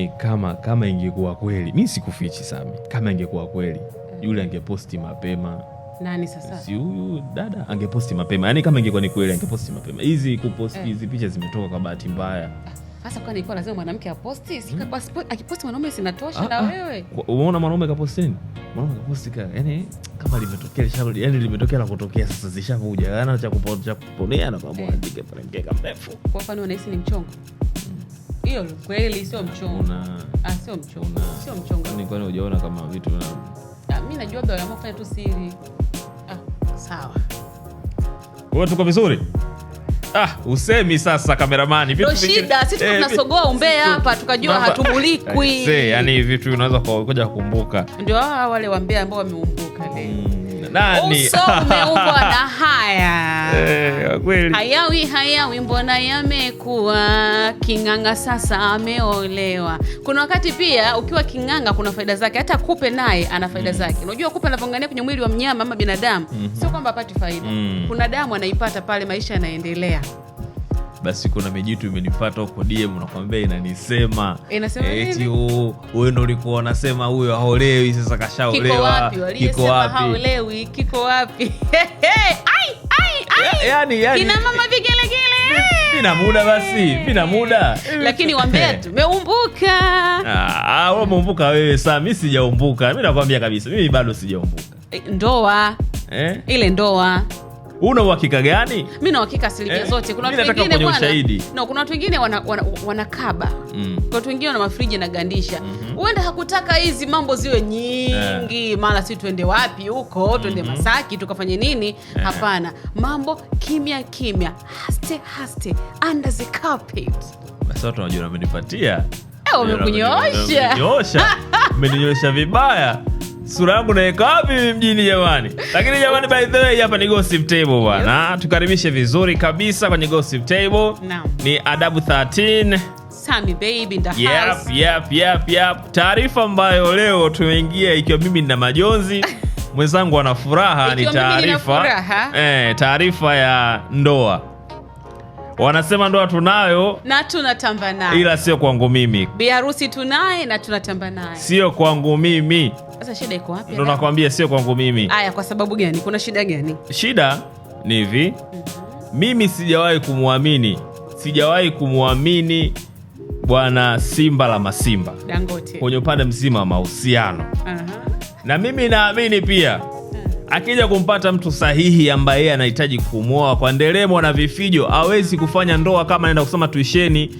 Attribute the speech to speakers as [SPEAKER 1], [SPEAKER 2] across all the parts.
[SPEAKER 1] yani kama kama ingekuwa kweli, mi sikufichi Sami, kama ingekuwa kweli yule angeposti mapema. Nani sasa? Si
[SPEAKER 2] huyu dada angeposti mapema, yani kama ingekuwa ni kweli angeposti mapema. Hizi kuposti eh. hizi picha zimetoka kwa bahati mbaya. Ah,
[SPEAKER 1] sasa kwa nilikuwa lazima mwanamke aposti, sika kwa hmm. akiposti mwanaume sinatosha ah, na ah. wewe.
[SPEAKER 2] Umeona mwanaume kaposti nini? Mwanaume kaposti ka yani kama limetokea lishalo, yani limetokea la kutokea sasa zishavuja. Ana cha kuponea na kwa mwanamke pale mrefu.
[SPEAKER 1] Kwa mfano unahisi ni mchongo? hiyo ni kweli, sio mchongo, ah, sio mchongo, sio mchongo.
[SPEAKER 2] Yaani kwani hujaona kama vitu na
[SPEAKER 1] ah, mimi najua gawama fanya tu siri. Ah, sawa,
[SPEAKER 2] wewe tuko vizuri. Ah, usemi sasa kameramani.
[SPEAKER 1] Ndio shida, sisi eh, tunasogoa umbea hapa tukajua hatumulikwi.
[SPEAKER 2] Eh, yaani vitu unaweza kuja kukumbuka.
[SPEAKER 1] Ndio wale wambea ambao wameumbuka leo. Mm nani usome na haya eh, kweli hayawi hayawi, mbona yamekuwa king'anga sasa ameolewa. Kuna wakati pia ukiwa king'anga kuna faida zake, hata kupe naye ana faida mm. zake. Unajua kupe anavyoangania kwenye mwili wa mnyama ama binadamu, mhm. sio kwamba apati faida mm. kuna damu anaipata pale, maisha yanaendelea
[SPEAKER 2] basi kuna mijitu imenifata huko DM, nakwambia inanisema eh, eti ulikuwa unasema huyo haolewi, sasa kashaolewa,
[SPEAKER 1] kiko wapi? Kiko wapi? Yani, yani, kina mama vigelegele
[SPEAKER 2] vina muda basi, vina muda
[SPEAKER 1] lakini wambea tumeumbuka.
[SPEAKER 2] Ah, ah, umeumbuka wewe saa, mi sijaumbuka. Mi nakwambia kabisa, mimi bado sijaumbuka
[SPEAKER 1] ndoa eh? ile ndoa
[SPEAKER 2] una uhakika gani?
[SPEAKER 1] Mi na uhakika asilimia eh, zote.
[SPEAKER 2] Kuna watu wengine bwana, ushahidi
[SPEAKER 1] no, kuna watu wengine wanakaba wana, wana, mm. watu wengine wana mafriji na gandisha mhm. huenda mm -hmm. hakutaka hizi mambo ziwe nyingi yeah. Mara si tuende wapi huko tuende mm -hmm. Masaki tukafanye nini yeah. Hapana, mambo kimya kimya, haste haste, under the carpet.
[SPEAKER 2] Basi watu wanajua amenipatia,
[SPEAKER 1] eh, umekunyoosha
[SPEAKER 2] umekunyoosha vibaya sura yangu naweka wapi mjini jamani? Lakini jamani, by the way, hapa ni gossip table bwana, tukaribishe vizuri kabisa kwenye gossip table no. Ni adabu 13
[SPEAKER 1] baby in the house.
[SPEAKER 2] Yep, yep, yep, yep. Taarifa ambayo leo tumeingia ikiwa mimi nina majonzi mwenzangu ana furaha ni taarifa eh, taarifa ya ndoa wanasema ndoa tunayo
[SPEAKER 1] na tunatamba naye,
[SPEAKER 2] ila sio kwangu mimi.
[SPEAKER 1] Biharusi tunaye na tunatamba naye,
[SPEAKER 2] sio kwangu mimi.
[SPEAKER 1] Sasa shida iko wapi?
[SPEAKER 2] Ndo nakwambia sio kwangu mimi.
[SPEAKER 1] Haya, kwa sababu gani? Kuna shida gani?
[SPEAKER 2] Shida ni hivi, mhm. mimi sijawahi kumwamini, sijawahi kumwamini Bwana Simba la Masimba Dangote kwenye upande mzima wa mahusiano uh -huh. na mimi naamini pia akija kumpata mtu sahihi ambaye yeye anahitaji kumwoa kwa nderemo na vifijo, awezi kufanya ndoa kama anaenda kusema tuisheni.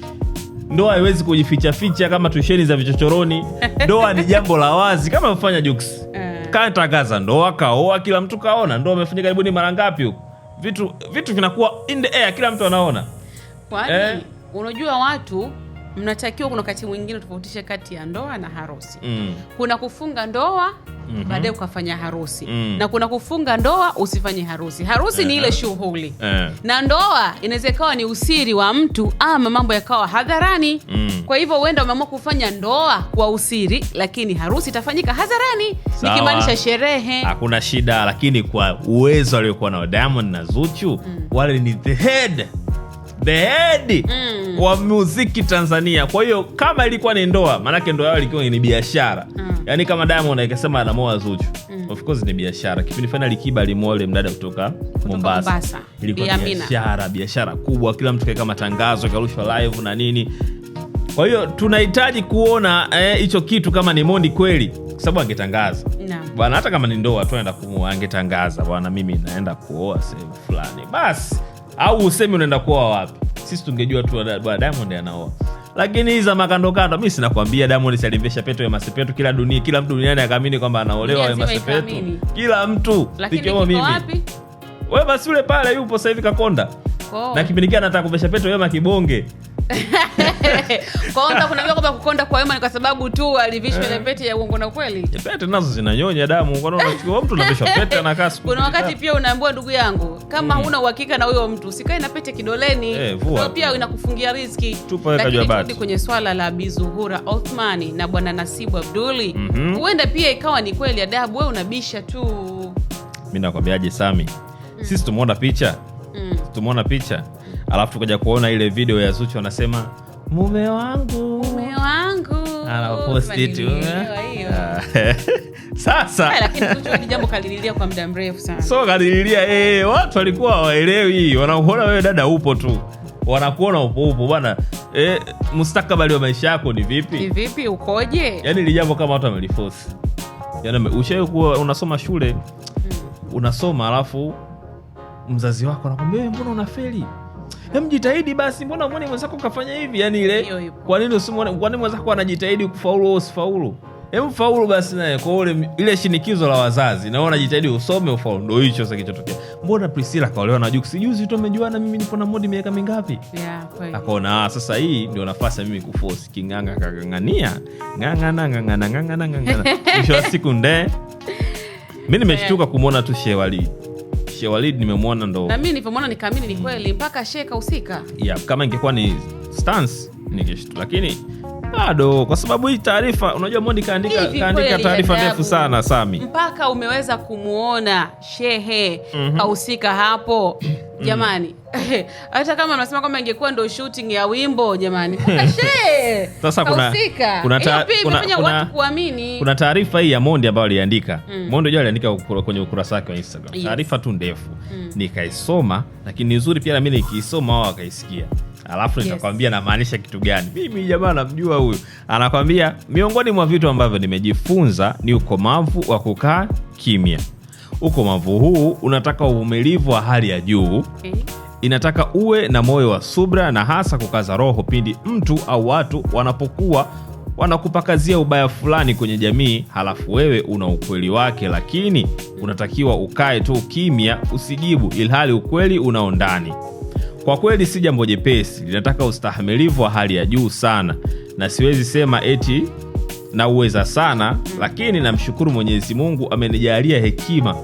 [SPEAKER 2] Ndoa haiwezi kujificha ficha kama tuisheni za vichochoroni. Ndoa ni jambo la wazi kama mfanya Jux eh. katangaza ndoa, kaoa, kila mtu kaona. Ndoa amefanya karibuni mara ngapi huko? Vitu vitu vinakuwa in the air, kila mtu anaona.
[SPEAKER 1] Kwani eh, unajua watu mnatakiwa kuna wakati mwingine tofautishe kati ya ndoa na harusi mm. Kuna kufunga ndoa mm -hmm. Baadaye ukafanya harusi mm. Na kuna kufunga ndoa usifanye harusi. Harusi ni ile eh. shughuli eh. Na ndoa inaweza ikawa ni usiri wa mtu ama mambo yakawa hadharani mm. Kwa hivyo huenda umeamua kufanya ndoa kwa usiri, lakini harusi itafanyika hadharani, nikimaanisha sherehe.
[SPEAKER 2] Hakuna shida, lakini kwa uwezo aliokuwa nao Diamond na Zuchu mm. Wale ni the head the head mm. wa muziki Tanzania. Kwa hiyo kama ilikuwa ni ndoa, maanake ndoa yao ilikuwa ni biashara mm. Yaani kama Diamond akasema anamoa Zuchu mm. of course ni biashara. Kipindi fana Likiba limole ule mdada kutoka Mombasa, Mombasa. Ilikuwa biashara biashara kubwa, kila mtu kaweka matangazo, karushwa live na nini. Kwa hiyo tunahitaji kuona eh, hicho eh, kitu kama ni mondi kweli, kwa sababu angetangaza bwana, hata kama ni ndoa tu anaenda kumwoa, angetangaza bwana, mimi naenda kuoa sehemu fulani basi au usemi unaenda kuoa wapi? Sisi tungejua tu bwana Diamond anaoa, lakini hii za makandokando, mi sinakwambia Diamond sialimvesha peto ya masepetu kila dunia, kila mtu duniani akaamini kwamba anaolewa ya masepetu, kila mtu ikiwemo mimi. Wewe basi ule pale yupo sasa hivi Kakonda, oh. na kipindi kia anataka kuvesha peto Wema Kibonge
[SPEAKER 1] Konda kunaambia kwamba kukonda kwa wema ni kwa sababu tu alivishwa eh. ile pete ya uongo na kweli.
[SPEAKER 2] Pete nazo zinanyonya damu, kwa nini unachukua mtu unavishwa pete anakaa siku.
[SPEAKER 1] Kuna wakati pia unaambiwa ndugu yangu, kama mm-hmm. huna mm. uhakika na huyo mtu, usikae na pete kidoleni. Eh, pia inakufungia riziki.
[SPEAKER 2] Lakini turudi
[SPEAKER 1] kwenye swala la Bi Zuhura Othman na Bwana Nasibu Abduli. Mm-hmm. Huenda mm -hmm. pia ikawa ni kweli adabu, wewe unabisha tu.
[SPEAKER 2] Mimi nakwambiaje Sami? Mm. Sisi tumeona picha. Mm. Tumeona picha alafu tukaja kuona ile video ya Zuchu anasema mume wangu,
[SPEAKER 1] mume wangu
[SPEAKER 2] anaposti tu sasa
[SPEAKER 1] jambo kalililia kwa muda mrefu sana,
[SPEAKER 2] so kalililia eh, eh watu walikuwa waelewi wanakuona wewe dada upo tu, wanakuona upo upo bwana eh, mustakabali wa maisha yako ni vipi,
[SPEAKER 1] ni vipi, ukoje?
[SPEAKER 2] Yani ni jambo kama watu wamelifosi, yani ushawahi kuwa unasoma shule, hmm. unasoma alafu mzazi wako anakwambia eh, mbona unafeli hem, jitahidi basi, mbona mwone mwenzako kafanya hivi? Yani ile kwa nini usimwone, kwa nini mwenzako anajitahidi kufaulu au usifaulu? Hem, faulu basi naye. Kwa ule ile shinikizo la wazazi, naona jitahidi usome ufaulu, ndio hicho sasa kilichotokea. Mbona Priscilla kaolewa na Jux juzi tu, amejuana, mimi niko na Modi miaka mingapi?
[SPEAKER 1] Yeah, kweli.
[SPEAKER 2] Akaona ah, sasa hii ndio nafasi ya mimi kuforce kinganga, kagangania ngangana ngangana ngangana ngangana, mwisho wa siku nde mimi nimeshtuka kumwona tu Shewali Sheikh Walid nimemwona ndo.
[SPEAKER 1] Na mimi nilipomwona nikaamini ni kweli mpaka Sheikh kahusika
[SPEAKER 2] Yeah, kama ingekuwa ni stance nikishtu lakini bado, kwa sababu hii taarifa, unajua Modi kaandika kaandika taarifa ndefu sana Sami,
[SPEAKER 1] mpaka umeweza kumwona shehe mm -hmm. kahusika hapo mm -hmm. Jamani, hata kama unasema kwamba ingekuwa ndo shooting ya wimbo jamani, ah, sasa kuna kuna
[SPEAKER 2] kuna taarifa hii ya Mondi ambayo aliandika mm. Mondi jua aliandika kwenye ukurasa wake wa Instagram yes. Taarifa tu ndefu mm. Nikaisoma, lakini nzuri pia, na mimi nikiisoma wao wakaisikia alafu yes. nitakwambia namaanisha kitu gani. Mimi jamaa namjua huyu, anakwambia miongoni mwa vitu ambavyo nimejifunza ni ukomavu wa kukaa kimya. Ukomavu huu unataka uvumilivu wa hali ya juu okay. Inataka uwe na moyo wa subra na hasa kukaza roho pindi mtu au watu wanapokuwa wanakupakazia ubaya fulani kwenye jamii, halafu wewe una ukweli wake, lakini unatakiwa ukae tu kimya, usijibu, ilhali ukweli unao ndani. Kwa kweli si jambo jepesi, linataka ustahamilivu wa hali ya juu sana, na siwezi sema eti nauweza sana, lakini namshukuru Mwenyezi Mungu amenijalia hekima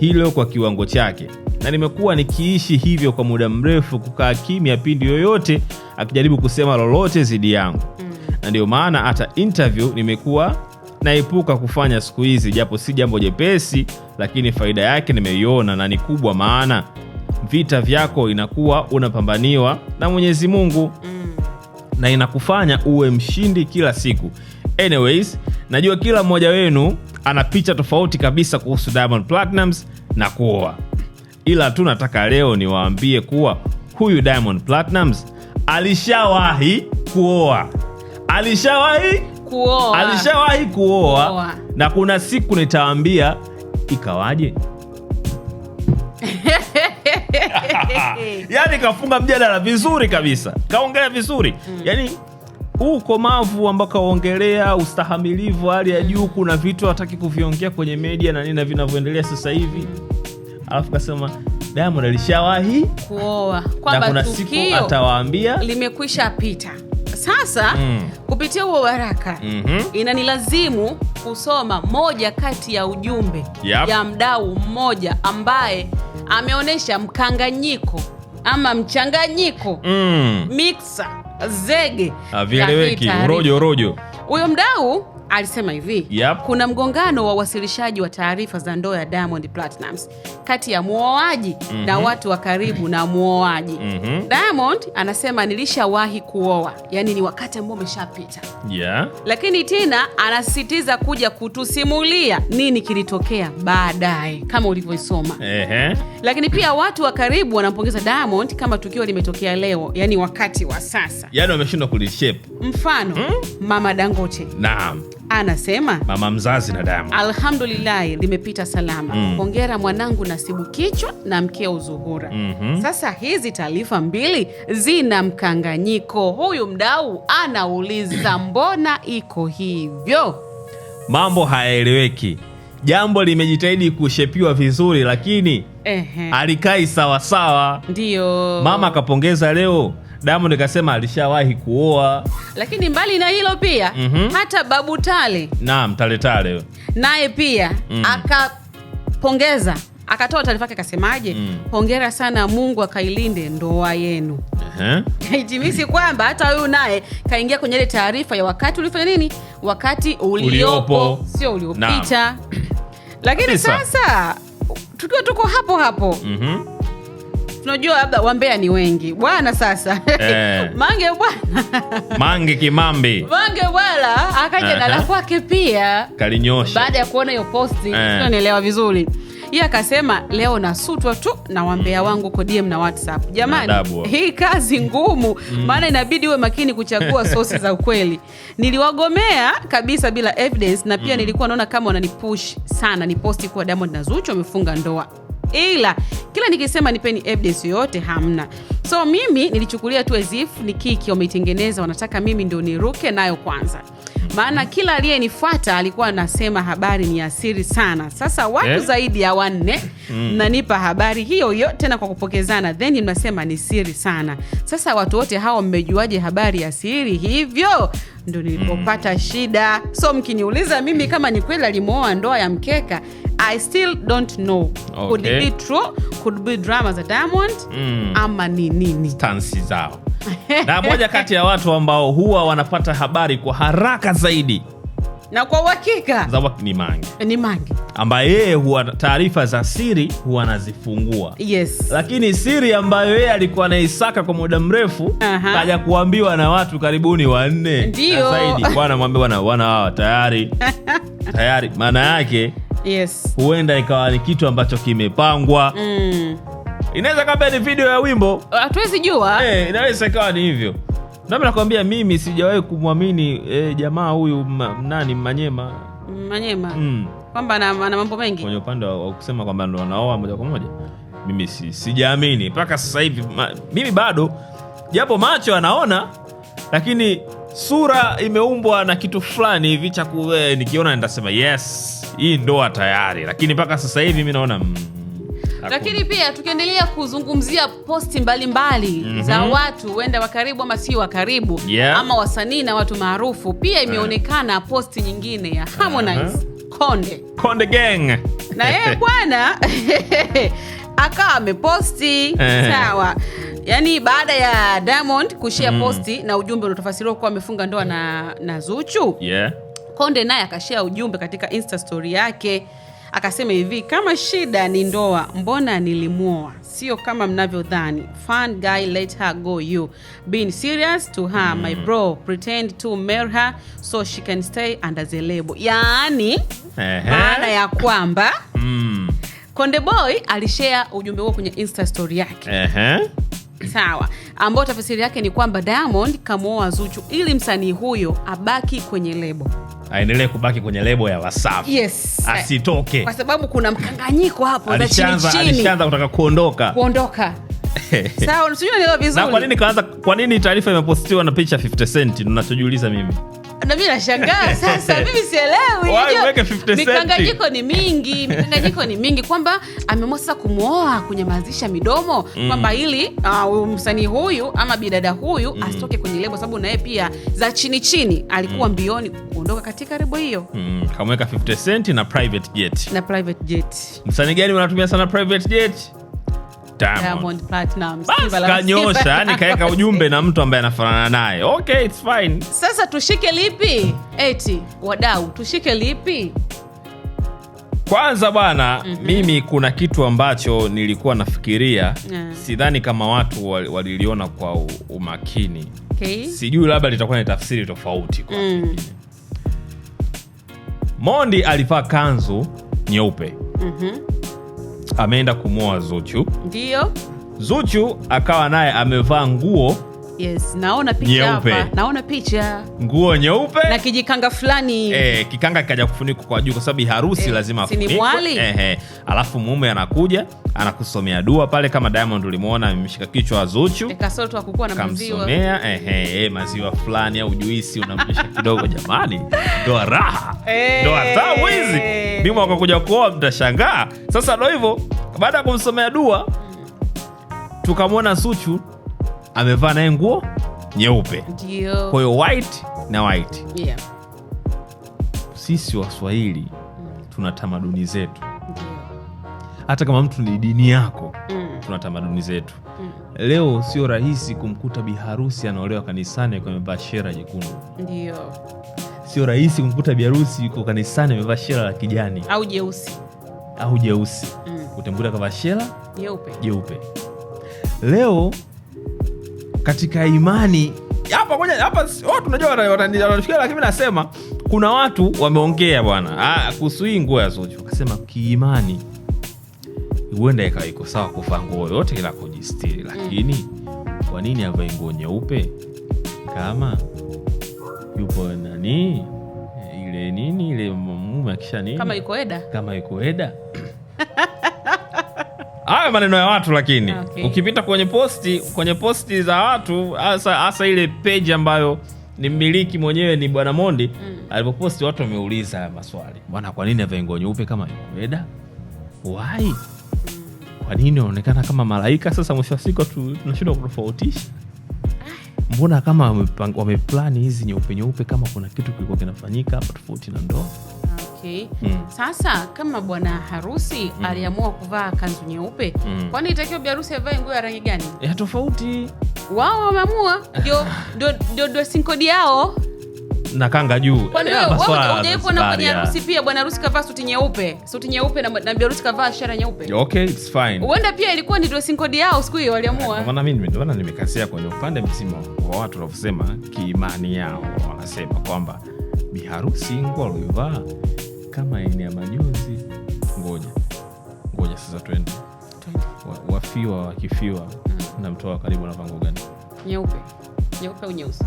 [SPEAKER 2] hilo kwa kiwango chake, na nimekuwa nikiishi hivyo kwa muda mrefu, kukaa kimya pindi yoyote akijaribu kusema lolote zidi yangu, mm. na ndio maana hata interview nimekuwa naepuka kufanya siku hizi, japo si jambo jepesi, lakini faida yake nimeiona na ni kubwa, maana vita vyako inakuwa unapambaniwa na Mwenyezi Mungu mm. na inakufanya uwe mshindi kila siku. Anyways, najua kila mmoja wenu ana picha tofauti kabisa kuhusu Diamond Platnumz na kuoa, ila tu nataka leo niwaambie kuwa huyu Diamond Platnumz alishawahi kuoa, alishawahi kuoa, alishawahi kuoa, Na kuna siku nitawaambia ikawaje. yani kafunga mjadala vizuri kabisa, kaongelea vizuri mm. yani huu ukomavu ambao kaongelea, ustahamilivu hali ya mm. juu, kuna vitu hataki kuviongea kwenye media na nini na vinavyoendelea sasa hivi, alafu kasema Diamond alishawahi
[SPEAKER 1] kuoa kwamba kuna siku
[SPEAKER 2] atawaambia
[SPEAKER 1] limekwisha pita. Sasa mm. kupitia huo waraka mm -hmm. inanilazimu kusoma moja kati ya ujumbe yep. ya mdau mmoja ambaye ameonyesha mkanganyiko ama mchanganyiko mm. miksa zege,
[SPEAKER 2] havieleweki, ah, urojo urojo.
[SPEAKER 1] Huyo mdau alisema hivi yep. Kuna mgongano wa uwasilishaji wa taarifa za ndoa ya Diamond Platnumz kati ya mwoaji mm -hmm. na watu wa karibu na mwoaji mm -hmm. Diamond anasema nilishawahi kuoa, yani ni wakati ambao umeshapita yeah. Lakini tena anasisitiza kuja kutusimulia nini kilitokea baadaye kama ulivyoisoma uh -huh. Lakini pia watu wa karibu wanampongeza Diamond kama tukio limetokea leo, yani wakati wa sasa,
[SPEAKER 2] yani wameshindwa kulishape.
[SPEAKER 1] Mfano mm? Mama Dangote naam anasema
[SPEAKER 2] mama mzazi na Diamond,
[SPEAKER 1] alhamdulillahi limepita salama mm. Hongera mwanangu Nasibu kichwa na mkeo Zuhura mm -hmm. Sasa hizi taarifa mbili zina mkanganyiko. Huyu mdau anauliza mbona iko hivyo?
[SPEAKER 2] Mambo hayaeleweki. Jambo limejitahidi kushepiwa vizuri, lakini alikai sawasawa.
[SPEAKER 1] ndio
[SPEAKER 2] mama akapongeza leo Diamond kasema alishawahi kuoa,
[SPEAKER 1] lakini mbali na hilo pia mm -hmm. hata Babu Tale
[SPEAKER 2] naam, Tale Tale
[SPEAKER 1] naye pia mm. akapongeza akatoa taarifa yake akasemaje? mm. Hongera sana, Mungu akailinde ndoa yenu. Haitimisi kwamba hata huyu naye kaingia kwenye ile taarifa ya wakati ulifanya nini, wakati uliopo, uliopo. sio uliopita. Lakini Sasa tukiwa tuko hapo hapo mm -hmm tunajua labda wambea ni wengi bwana. Sasa eh. Mange bwana
[SPEAKER 2] Mange Kimambi,
[SPEAKER 1] Mange bwana akaja na la kwake pia kalinyosha, baada ya kuona hiyo posti eh. Unanielewa vizuri yeye akasema leo nasutwa tu na wambea mm. wangu kwa DM na WhatsApp. Jamani, hii kazi ngumu, mm. maana mm. inabidi uwe makini kuchagua sosi za ukweli. Niliwagomea kabisa bila evidence na pia mm. nilikuwa naona kama wananipush sana niposti kuwa Diamond na Zuchu wamefunga ndoa ila kila nikisema nipeni evidence yoyote hamna. So mimi nilichukulia tu as ni kiki wameitengeneza, wanataka mimi ndio niruke nayo kwanza maana kila aliyenifuata alikuwa anasema habari ni asiri sana. Sasa watu yeah, zaidi ya wanne mnanipa mm, habari hiyo hiyo tena kwa kupokezana, then mnasema ni siri sana. Sasa watu wote hawa mmejuaje habari ya siri hivyo? ndo mm. nilipopata mm. shida. So mkiniuliza mimi kama ni kweli alimwoa ndoa ya mkeka, I still don't know okay. Could be true, could be drama za Diamond mm. ama ni nini
[SPEAKER 2] stansi zao na moja kati ya watu ambao huwa wanapata habari kwa haraka zaidi
[SPEAKER 1] na kwa uhakika ni Mange, ni Mange
[SPEAKER 2] ambaye yeye huwa taarifa za siri huwa anazifungua yes. Lakini siri ambayo yeye alikuwa anaisaka kwa muda mrefu Kaja kuambiwa na watu karibuni wanne
[SPEAKER 1] ndio zaidi,
[SPEAKER 2] wanamwambia bwana bwana hawa tayari tayari, maana yake yes, huenda ikawa ni kitu ambacho kimepangwa mm. Inaweza kabla ni video ya wimbo,
[SPEAKER 1] hatuwezi jua.
[SPEAKER 2] Hey, eh, inaweza ikawa ni hivyo. Nami nakwambia mimi sijawahi kumwamini eh, jamaa huyu nani Manyema
[SPEAKER 1] Manyema mm. kwamba ana mambo mengi
[SPEAKER 2] kwenye upande wa kusema kwamba ndo anaoa moja kwa moja, mimi si, sijaamini mpaka sasa hivi mimi bado japo macho anaona lakini sura imeumbwa na kitu fulani hivi cha eh, nikiona ndasema yes, hii ndoa tayari, lakini mpaka sasa hivi mi naona mm.
[SPEAKER 1] Lakini pia tukiendelea kuzungumzia posti mbalimbali mm -hmm. za watu huenda wa karibu ama si wa karibu yeah. ama wasanii na watu maarufu pia eh. imeonekana uh -huh. posti nyingine ya Harmonize uh -huh. Konde
[SPEAKER 2] Konde Gang
[SPEAKER 1] na yeye bwana akawa ameposti eh. sawa Yaani baada ya Diamond kushia mm. posti na ujumbe unaotafasiriwa kuwa amefunga ndoa na, na Zuchu yeah. Konde naye akashia ujumbe katika Insta story yake akasema hivi, kama shida ni ndoa, mbona nilimwoa? Sio kama mnavyodhani. Fun guy let her go you being serious to her mm. my bro pretend to marry her so she can stay under the label. Yaani maana ya kwamba mm. Konde Boy alishare ujumbe huo kwenye Insta story yake. Sawa ambayo tafasiri yake ni kwamba Diamond kamwoa Zuchu ili msanii huyo abaki kwenye lebo
[SPEAKER 2] aendelee kubaki kwenye lebo ya Wasafi. Yes. Asitoke.
[SPEAKER 1] Kwa sababu kuna mkanganyiko hapo za chini chini.
[SPEAKER 2] Alishaanza kutaka kuondoka.
[SPEAKER 1] Kuondoka. Sawa, nilo vizuri.
[SPEAKER 2] Na kwa nini kaanza kwa nini taarifa imepostiwa na picha 50 Cent? Ninachojiuliza mimi
[SPEAKER 1] nami nashangaa sasa, mimi sielewi. Mikanganyiko ni mingi, mikanganyiko ni mingi, kwamba ameamua sasa kumwoa, kunyamazisha midomo mm. kwamba ili uh, msanii huyu ama bidada huyu mm. asitoke kwenye lebo, sababu naye pia za chini chini alikuwa mm. mbioni kuondoka katika lebo hiyo
[SPEAKER 2] mm. kamweka 50 Cent na private jet.
[SPEAKER 1] na private jet.
[SPEAKER 2] Msanii gani wanatumia sana private jet? kanyosha, yani kaweka ujumbe na mtu ambaye anafanana naye. Okay, it's fine.
[SPEAKER 1] Sasa tushike lipi? Eti wadau, tushike lipi?
[SPEAKER 2] Kwanza bwana, mm -hmm. Mimi kuna kitu ambacho nilikuwa nafikiria yeah. Sidhani kama watu waliliona kwa umakini okay. Sijui labda litakuwa ni tafsiri tofauti kwa mm. Mondi alivaa kanzu nyeupe mm -hmm ameenda kumwoa Zuchu, ndio Zuchu akawa naye amevaa nguo
[SPEAKER 1] Yes, naona picha hapa. Naona picha
[SPEAKER 2] nguo nyeupe
[SPEAKER 1] na kijikanga fulani
[SPEAKER 2] eh, kikanga kikaja kufunikwa kwa juu, kwa sababu harusi eh, lazima
[SPEAKER 1] afunikwe
[SPEAKER 2] eh, eh. Alafu mume anakuja anakusomea dua pale, kama Diamond ulimuona amemshika kichwa Zuchu eh, kamsomea eh, eh, eh, maziwa fulani au juisi unamlisha kidogo. Jamani, ndoa raha, eh. ndoa tamu hizi. Bima akakuja kuoa, mtashangaa sasa. ndio hivyo, baada ya kumsomea dua tukamwona Suchu amevaa naye nguo nyeupe,
[SPEAKER 1] ndio.
[SPEAKER 2] Kwa hiyo white na white. Yeah. Sisi Waswahili mm. tuna tamaduni zetu hata kama mtu ni dini yako mm. tuna tamaduni zetu mm. Leo sio rahisi kumkuta biharusi anaolewa kanisani akiwa amevaa shera jekundu, ndio. Sio rahisi kumkuta biharusi yuko kanisani amevaa shera la kijani
[SPEAKER 1] au jeusi
[SPEAKER 2] au jeusi mm. Utamkuta kavaa shera jeupe. Leo katika imani hapa ngoja hapa oh, lakini nasema kuna watu wameongea bwana ah, kuhusu hii nguo ya Zuchu, wakasema kiimani huenda ikawa iko sawa kuvaa nguo yote ila kujistiri, lakini kwa nini avae nguo nyeupe kama yupo nani eh, ile nini ile mume akisha nini
[SPEAKER 1] kama iko eda,
[SPEAKER 2] kama iko eda Haya maneno ya watu lakini okay. Ukipita kwenye posti kwenye posti za watu hasa ile peji ambayo ni mmiliki mwenyewe ni Bwana Mondi mm. Alipoposti watu wameuliza maswali, bwana, kwa nini avae nguo nyeupe kama Weda wai? Kwa nini anaonekana kama malaika? Sasa mwisho wa siku tunashindwa kutofautisha, ah. mbona kama wameplani hizi nyeupe nyeupe, kama kuna kitu kilikuwa kinafanyika hapa tofauti na ndoa
[SPEAKER 1] Okay. Mm. Sasa kama bwana harusi mm. aliamua kuvaa kanzu nyeupe mm. kwani itakiwa biharusi avae nguo ya rangi gani?
[SPEAKER 2] Ya tofauti.
[SPEAKER 1] Wao wameamua ndio ndio sinkodi yao
[SPEAKER 2] na kanga juu.
[SPEAKER 1] Ah, Hujawahi kuona kwenye harusi pia bwana harusi kavaa suti nyeupe, suti nyeupe na, na biharusi kavaa shara nyeupe.
[SPEAKER 2] Okay, it's fine.
[SPEAKER 1] Huenda pia ilikuwa ni dressing code yao siku hiyo waliamua. Ah,
[SPEAKER 2] maana mimi ndio maana kwenye upande mzima wa watu wanaosema kiimani yao wanasema kwamba biharusi nguo aliyovaa kama ni ya majuzi, Ngoja ngoja sasa, twende wafiwa wa, wakifiwa mm. na mtoa wa karibu na nguo gani?
[SPEAKER 1] Nyeupe, nyeupe au nyeusi?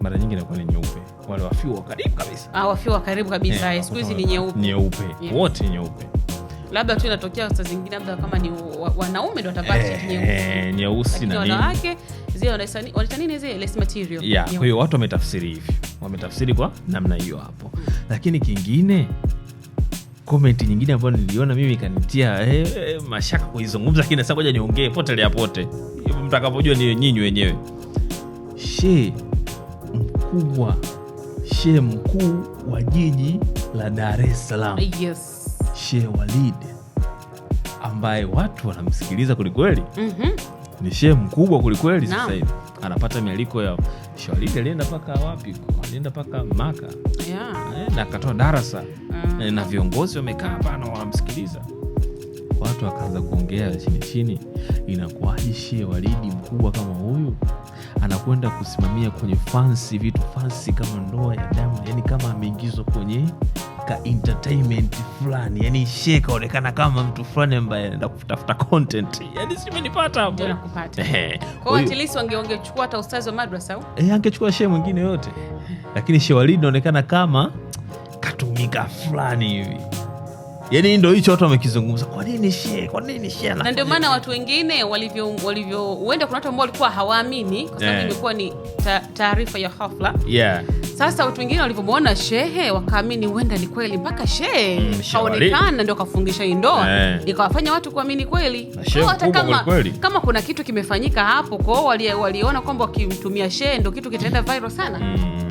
[SPEAKER 2] Mara nyingi inakuwa ni nyeupe, wale wafiwa wa karibu kabisa.
[SPEAKER 1] Ah, wafiwa wa karibu kabisa, eh, siku hizi ni nyeupe
[SPEAKER 2] nyeupe, wote nyeupe
[SPEAKER 1] labda tu inatokea saa zingine, labda kama ni wanaume ndo watavaa eh,
[SPEAKER 2] nyeusi na wanawake kwahiyo hiyo watu wametafsiri hivyo, wametafsiri kwa namna hiyo hapo Lakini kingine komenti nyingine ambayo niliona mimi ikanitia eh, eh, mashaka kuizungumza, lakini sasa ngoja niongee pote lea pote, mtakapojua ni nyinyi wenyewe. She mkubwa, she mkuu wa jiji la Dar es Salaam, yes. She Walid ambaye watu wanamsikiliza kwelikweli, mm -hmm ni shehe mkubwa kulikweli sasa hivi anapata mialiko ya shawalidi alienda mpaka wapi alienda mpaka maka yeah. Eh, na akatoa darasa mm. Eh, na viongozi wamekaa pana wanamsikiliza watu wakaanza kuongea chini chini inakuwaje shehe walidi mkubwa kama huyu anakwenda kusimamia kwenye fansi vitu fansi kama ndoa ya damu yani kama ameingizwa kwenye ka entertainment fulani, yani she kaonekana kama mtu fulani ambaye anaenda kutafuta content, yani si umenipata hapo?
[SPEAKER 1] Kwa hiyo at least hata ustazi wa madrasa au
[SPEAKER 2] eh, angechukua she mwingine yote, lakini she Walid inaonekana kama katumika fulani hivi yani ndo hicho watu wamekizungumza, kwa nini shee, kwa nini
[SPEAKER 1] Na ndio maana watu wengine walivyo walivyo, huenda kuna watu ambao walikuwa hawaamini kwa sababu imekuwa ni taarifa ya hafla yeah. Sasa watu wengine walivyomwona shehe wakaamini huenda ni kweli, mpaka shehe mm, haonekana ndio kafungisha hii ndoa yeah. Ikawafanya watu kuamini kweli, hata kama, kama kuna kitu kimefanyika hapo kwao, waliona kwamba wakimtumia shehe ndo kitu kitaenda viral sana mm.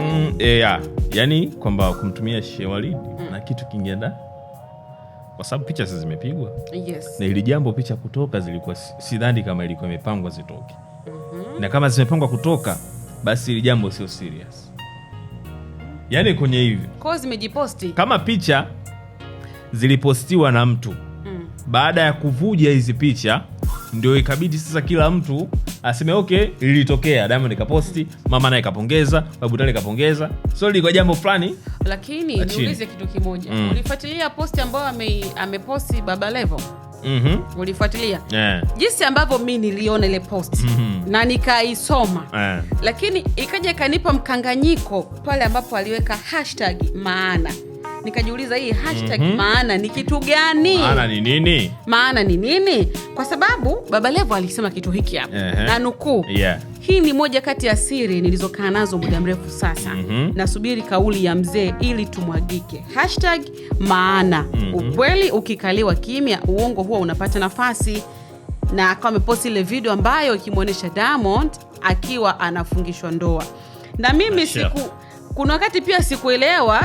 [SPEAKER 1] Mm,
[SPEAKER 2] eh, yani kwamba kumtumia Shewalidi mm. na kitu kingine kwa sababu picha si zimepigwa yes. na ili jambo picha kutoka zilikuwa sidhani kama ilikuwa imepangwa zitoke mm -hmm. na kama zimepangwa kutoka basi ili jambo sio serious yani kwenye hivi
[SPEAKER 1] zimejiposti
[SPEAKER 2] kama picha zilipostiwa na mtu mm. baada ya kuvuja hizi picha ndio ikabidi sasa kila mtu aseme okay, lilitokea. Diamond kaposti, mama naye kapongeza, babu tani kapongeza, so lilikuwa jambo fulani.
[SPEAKER 1] Lakini niulize kitu kimoja, mm. ulifuatilia posti ambayo ame, ameposti Baba Levo? Mm -hmm. Ulifuatilia yeah. Jinsi ambavyo mi niliona ile post mm -hmm. na nikaisoma yeah. Lakini ikaja ikanipa mkanganyiko pale ambapo aliweka hashtag maana nikajiuliza hii hashtag mm -hmm. maana ni kitu gani?
[SPEAKER 2] Maana ni nini?
[SPEAKER 1] Maana ni nini? Kwa sababu Baba Levo alisema kitu hiki hapa uh -huh. na nukuu yeah. Hii ni moja kati ya siri nilizokaa nazo muda mrefu sasa mm -hmm. Nasubiri kauli ya mzee ili tumwagike. Hashtag maana mm -hmm. Ukweli ukikaliwa kimya, uongo huwa unapata nafasi, na akawa ameposti ile video ambayo ikimwonyesha Diamond akiwa anafungishwa ndoa na mimi siku kuna wakati pia sikuelewa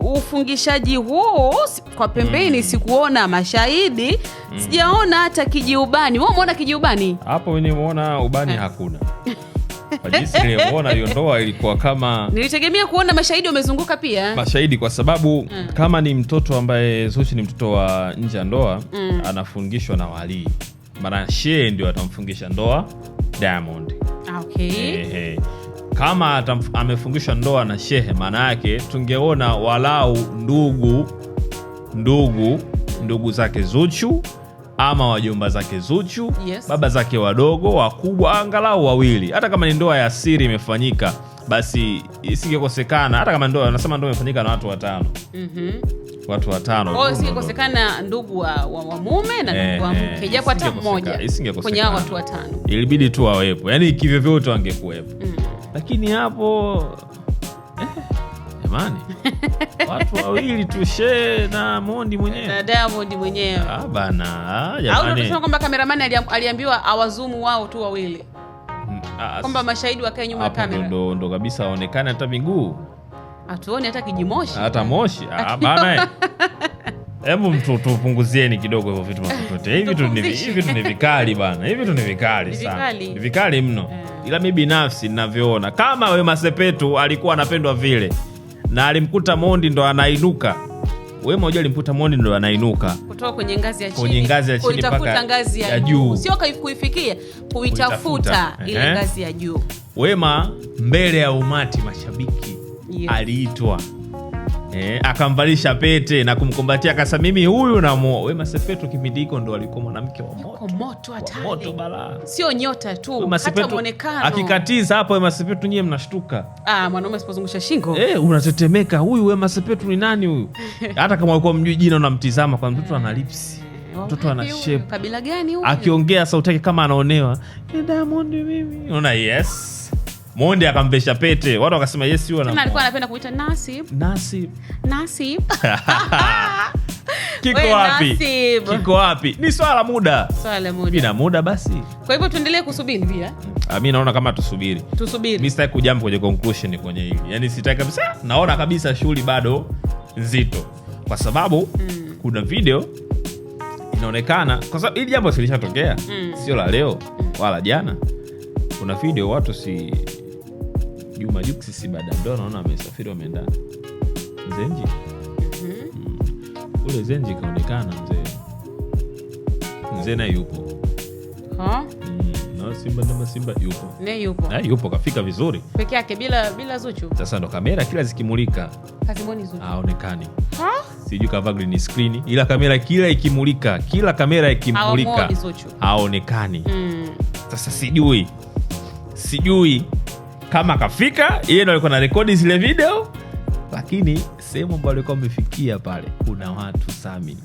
[SPEAKER 1] ufungishaji huu kwa pembeni, mm. sikuona mashahidi mm. sijaona hata kijiubani. Wewe umeona kijiubani
[SPEAKER 2] hapo? Nimeona ubani eh. hakuna kwa jinsi ndoa ilikuwa kama,
[SPEAKER 1] nilitegemea kuona mashahidi wamezunguka pia
[SPEAKER 2] mashahidi, kwa sababu mm. kama ni mtoto ambaye zushi ni mtoto wa nje ya ndoa mm. anafungishwa na walii, maana shee ndio atamfungisha ndoa Diamond.
[SPEAKER 1] Ah, okay. Hey, hey
[SPEAKER 2] kama amefungishwa ndoa na shehe, maana yake tungeona walau ndugu ndugu ndugu zake Zuchu ama wajomba zake Zuchu, yes. Baba zake wadogo wakubwa, angalau wawili. Hata kama ni ndoa ya siri imefanyika, basi isingekosekana. Hata kama ndoa, nasema ndoa imefanyika na watu watano, mm -hmm watu watano.
[SPEAKER 1] Kwa ndugu wa, wa, wa mume na ndugu wa eh, mke, japo hata mmoja kwenye hao watu watano
[SPEAKER 2] ilibidi tu wawepo, yani kivyovyote wangekuwepo mm. Lakini hapo eh, jamani eh, watu wawili tushe na Mondi mwenyewe na ah,
[SPEAKER 1] ah, kwamba kameramani aliambiwa awazumu wao tu wawili mm, ah, kwamba mashahidi wakae nyuma ya kamera,
[SPEAKER 2] ndo kabisa aonekane hata miguu
[SPEAKER 1] Hatuoni hata kijimoshi.
[SPEAKER 2] Hata moshi. Ah, bana. Hebu tupunguzieni kidogo hivyo vitu mtoto. Hivi tu ni hivi tu ni vikali bana. Hivi tu ni vikali sana. Ni vikali mno. Yeah. Ila mimi binafsi ninavyoona kama Wema Sepetu alikuwa anapendwa vile na alimkuta Mondi ndo anainuka. Wema unajua alimkuta Mondi ndo anainuka
[SPEAKER 1] kutoka kwenye ngazi ya chini,
[SPEAKER 2] kwenye ngazi ya chini
[SPEAKER 1] mpaka ngazi ya juu, sio kuifikia, kuitafuta ile eh? ngazi ya juu.
[SPEAKER 2] Wema mbele ya umati mashabiki yeah. aliitwa eh, akamvalisha pete na kumkumbatia kasa mimi huyu namuoa. Wema Sepetu kipindi hiko ndo alikuwa mwanamke wa
[SPEAKER 1] moto, wa
[SPEAKER 2] moto balaa,
[SPEAKER 1] sio nyota tu,
[SPEAKER 2] hata muonekano. Akikatiza hapo Wema Sepetu nyie mnashtuka,
[SPEAKER 1] ah, mwanaume asipozungusha shingo
[SPEAKER 2] eh, unatetemeka. Huyu Wema Sepetu ni nani huyu? hata kama alikuwa mjui jina, unamtizama kwa mtoto ana lipsi eh, mtoto ana shape,
[SPEAKER 1] kabila gani
[SPEAKER 2] huyu? Akiongea sauti yake kama anaonewa, Diamond mimi, unaona yes Monde akampesha pete, watu wakasema yes, yule
[SPEAKER 1] alikuwa anapenda kuita Nasib. Nasib. Nasib.
[SPEAKER 2] Kiko wapi? Kiko wapi? Ni swala la muda, swala la muda. Bila muda basi.
[SPEAKER 1] Kwa hivyo tuendelee kusubiri pia.
[SPEAKER 2] Ah, mimi naona kama tusubiri. Tusubiri. Mimi sitaki kujump kwenye conclusion kwenye hili. Yaani sitaki kabisa. Naona kabisa shughuli bado nzito. Kwa sababu mm. kuna video inaonekana kwa sababu hili jambo silishatokea mm. sio la leo mm. wala jana. Kuna video watu si Juma Jux baada ndo naona amesafiri wameenda Zenji. Mm, mm-hmm. ule Zenji kaonekana mzee, mzee naye yupo
[SPEAKER 1] ha? Mm,
[SPEAKER 2] na Simba na Simba yupo ne yupo na yupo, kafika vizuri
[SPEAKER 1] peke yake bila bila Zuchu.
[SPEAKER 2] Sasa ndo kamera kila zikimulika kazimoni Zuchu haonekani sijui kavaa green screen, ila kamera kila ikimulika kila kamera ikimulika haonekani. Mm, sasa sijui sijui kama akafika yeye ndo alikuwa na rekodi zile video, lakini sehemu ambayo alikuwa amefikia pale, kuna watu Sami,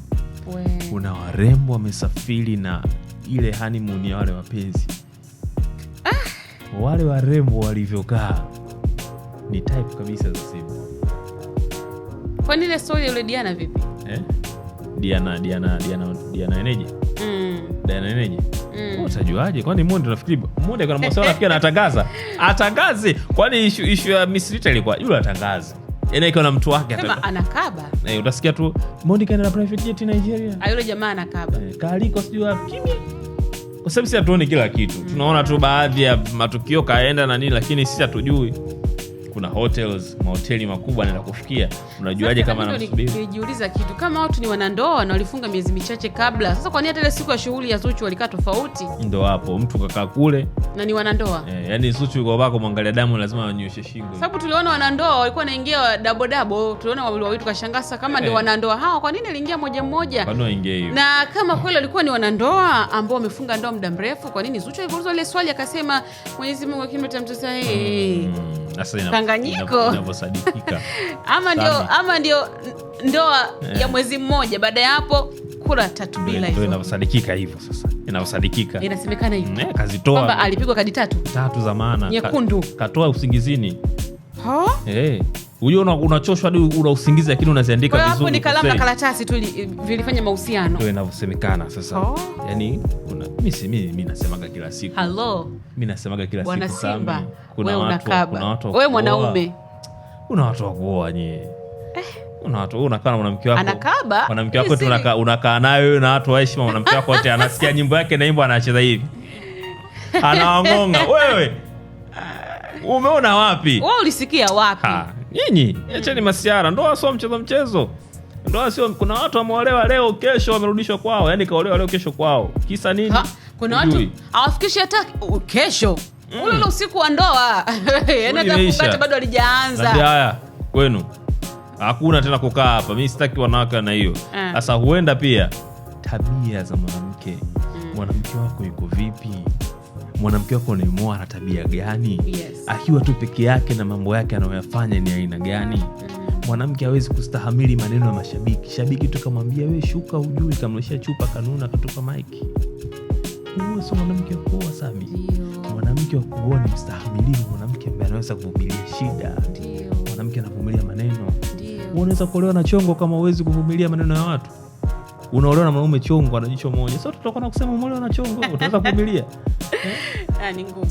[SPEAKER 2] kuna warembo wamesafiri na ile honeymoon ya wale wapenzi ah. Wale warembo walivyokaa ni type kabisa za simu.
[SPEAKER 1] kwanile stori ule Diana vipi eh?
[SPEAKER 2] Diana Diana Diana Diana eneje? mm. Diana eneje? mm. Utajuaje? Kwani Monde nafikiri Monde kuna masuala rafiki anatangaza atangaze, kwani ishu, ishu ya misrita ilikuwa yule atangaze yani akiwa na mtu wake
[SPEAKER 1] anakaba
[SPEAKER 2] eh, utasikia tu Monde kaenda na private jet Nigeria,
[SPEAKER 1] ah, yule jamaa anakaba eh,
[SPEAKER 2] kaaliko sijui wapi kwa sababu sisi hatuoni kila kitu, tunaona tu baadhi ya matukio kaenda na nini, lakini sisi hatujui kuna hotels, mahoteli makubwa anaenda kufikia. Unajuaje kama anamsubiri?
[SPEAKER 1] Nilijiuliza kitu kama watu ni wanandoa na walifunga miezi michache kabla, sasa kwa nini hata ile siku ya shughuli ya Zuchu walikaa tofauti?
[SPEAKER 2] Ndo hapo mtu kakaa kule
[SPEAKER 1] na ni wanandoa
[SPEAKER 2] eh, yani Zuchu yuko bako mwangalia damu lazima anyoshe shingo,
[SPEAKER 1] sababu tuliona wanandoa walikuwa wanaingia dabo dabo, tuliona wawili wawili, tukashangaza kama ndio eh, wanandoa hawa Kwa nini aliingia moja moja?
[SPEAKER 2] Kwa nini aingie hiyo?
[SPEAKER 1] Na kama kweli walikuwa ni wanandoa ambao wamefunga ndoa muda mrefu, kwa nini Zuchu alipoulizwa ile swali akasema Mwenyezi Mungu akimtamtusa akimtamtesa eh. yeye?
[SPEAKER 2] Tanganyiko
[SPEAKER 1] ama ndio, ama ndio ndoa yeah. ya eh. mwezi mmoja. Baada ya hapo kura tatu bila, ndio
[SPEAKER 2] inavyosadikika hivyo sasa inavyosadikika
[SPEAKER 1] inasemekana hivyo, eh, kazitoa kwamba alipigwa kadi tatu
[SPEAKER 2] tatu za maana nyekundu, katoa usingizini ha? Hey. Eh. Unajua unachoshwa hadi una usingizi lakini unaziandika
[SPEAKER 1] vizuri. ni kalamu na karatasi tu vilifanya mahusiano.
[SPEAKER 2] Ndio inavyosemekana sasa. Oh. Yaani kuna mimi mimi nasemaga kila siku. Hello. Mimi nasemaga kila siku Simba.
[SPEAKER 1] Kuna watu kuna watu. Wewe mwanaume.
[SPEAKER 2] watu wa kuoa nyie. Eh. Una watu unakaa na mwanamke wako.
[SPEAKER 1] Anakaba.
[SPEAKER 2] Mwanamke wako tu unakaa unakaa naye wewe na watu wa heshima mwanamke wako wote anasikia nyimbo yake na anacheza hivi. Anaongonga wewe. Umeona wapi?
[SPEAKER 1] Wewe ulisikia wapi? Ha
[SPEAKER 2] nyinyi acheni masiara. Ndoa sio mchezo mchezo, ndoa sio. Kuna watu wameolewa leo, kesho wamerudishwa kwao. Yani kaolewa leo, kesho kwao, kisa nini? Ha,
[SPEAKER 1] kuna watu hawafikishi hata kesho mm. ule usiku wa ndoa yaani bado alijaanza.
[SPEAKER 2] Haya kwenu hakuna tena kukaa hapa. Mi sitaki wanawake na hiyo eh. sasa. Huenda pia tabia za mwanamke, mm. mwanamke wako yuko vipi? mwanamke wako unayemoa ana tabia gani? Yes. Akiwa tu peke yake na mambo yake anayoyafanya ni aina gani? Mwanamke hawezi kustahamili maneno ya mashabiki. Shabiki tu kamwambia we shuka, ujui, kamlisha chupa, kanuna, katupa maiki, huo sio mwanamke wa kuoa. Sami, mwanamke wa kuoa ni mstahamilivu, mwanamke ambaye anaweza kuvumilia shida, mwanamke anavumilia maneno. Unaweza kuolewa na chongo kama uwezi kuvumilia maneno ya watu unaolewa na mwanaume chongo ana jicho moja, sasa tutakuwa na kusema umeolewa na chongo, utaweza kuvumilia? Ah, ni ngumu.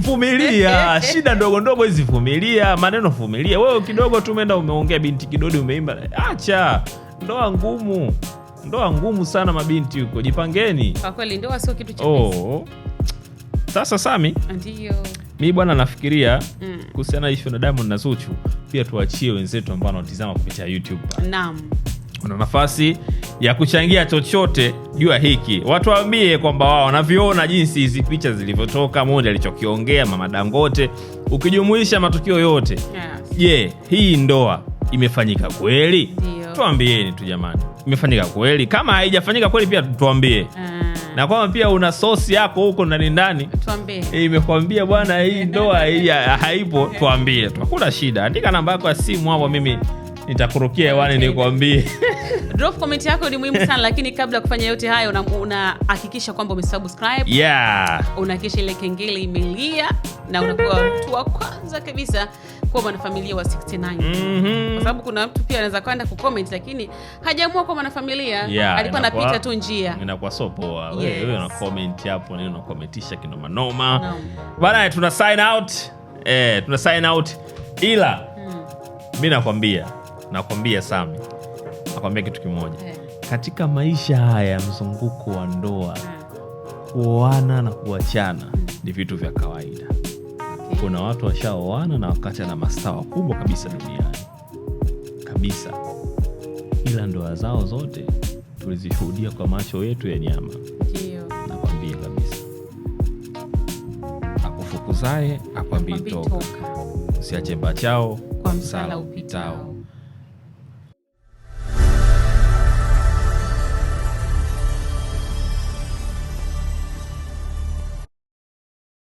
[SPEAKER 2] Vumilia shida ndogo ndogo hizi, vumilia maneno, vumilia wewe. Kidogo tu umeenda umeongea binti kidodi, umeimba, acha. Ndoa ngumu, ndoa ngumu sana, mabinti huko, jipangeni
[SPEAKER 1] kwa kweli, ndoa sio kitu cha
[SPEAKER 2] oh. Sasa Sami, ndio mi bwana nafikiria mm. kuhusiana ishu na Diamond na Zuchu, pia tuachie wenzetu ambao wanaotizama kupitia YouTube. Naam una nafasi ya kuchangia chochote juu ya hiki. Watu waambie kwamba wao wanavyoona jinsi hizi picha zilivyotoka, moja alichokiongea mama Dangote, ukijumuisha matukio yote. Je, yes. yeah, hii ndoa imefanyika kweli? Tuambieni tu jamani, imefanyika kweli? Kama haijafanyika kweli, pia tuambie ah. na kwamba pia una sosi yako huko ndani ndani eh, imekwambia bwana, hii ndoa hii haipo, tuambie tu, hakuna shida. Andika namba yako ya simu hapo, mimi nitakurukia hewani nikuambie
[SPEAKER 1] Drop comment yako ni muhimu sana lakini kabla ya kufanya yote hayo, unahakikisha una kwamba umesubscribe,
[SPEAKER 2] yeah.
[SPEAKER 1] Unahakikisha ile kengele imelia na unakuwa mtu wa kwanza kabisa kuwa mwanafamilia wa 69 mm mm-hmm. Kwa sababu kuna mtu pia anaweza kwenda kucomment lakini hajaamua kuwa mwanafamilia yeah, alikuwa anapita tu njia,
[SPEAKER 2] inakuwa so poa. Wewe una comment hapo, nini unakomentisha kinoma no. Bana, tuna sign out eh, tuna sign out ila hmm. mi nakwambia nakwambia Sami, nakwambia kitu kimoja yeah. Katika maisha haya ya mzunguko wa ndoa, eh. kuoana na kuachana mm. ni vitu vya kawaida. Kuna watu washaoana na ana mastaa kubwa kabisa duniani kabisa, ila ndoa zao zote tulizishuhudia kwa macho yetu ya nyama. Nakwambia kabisa, akufukuzaye akwambii toka, usiache mbachao kwa
[SPEAKER 1] msala upitao.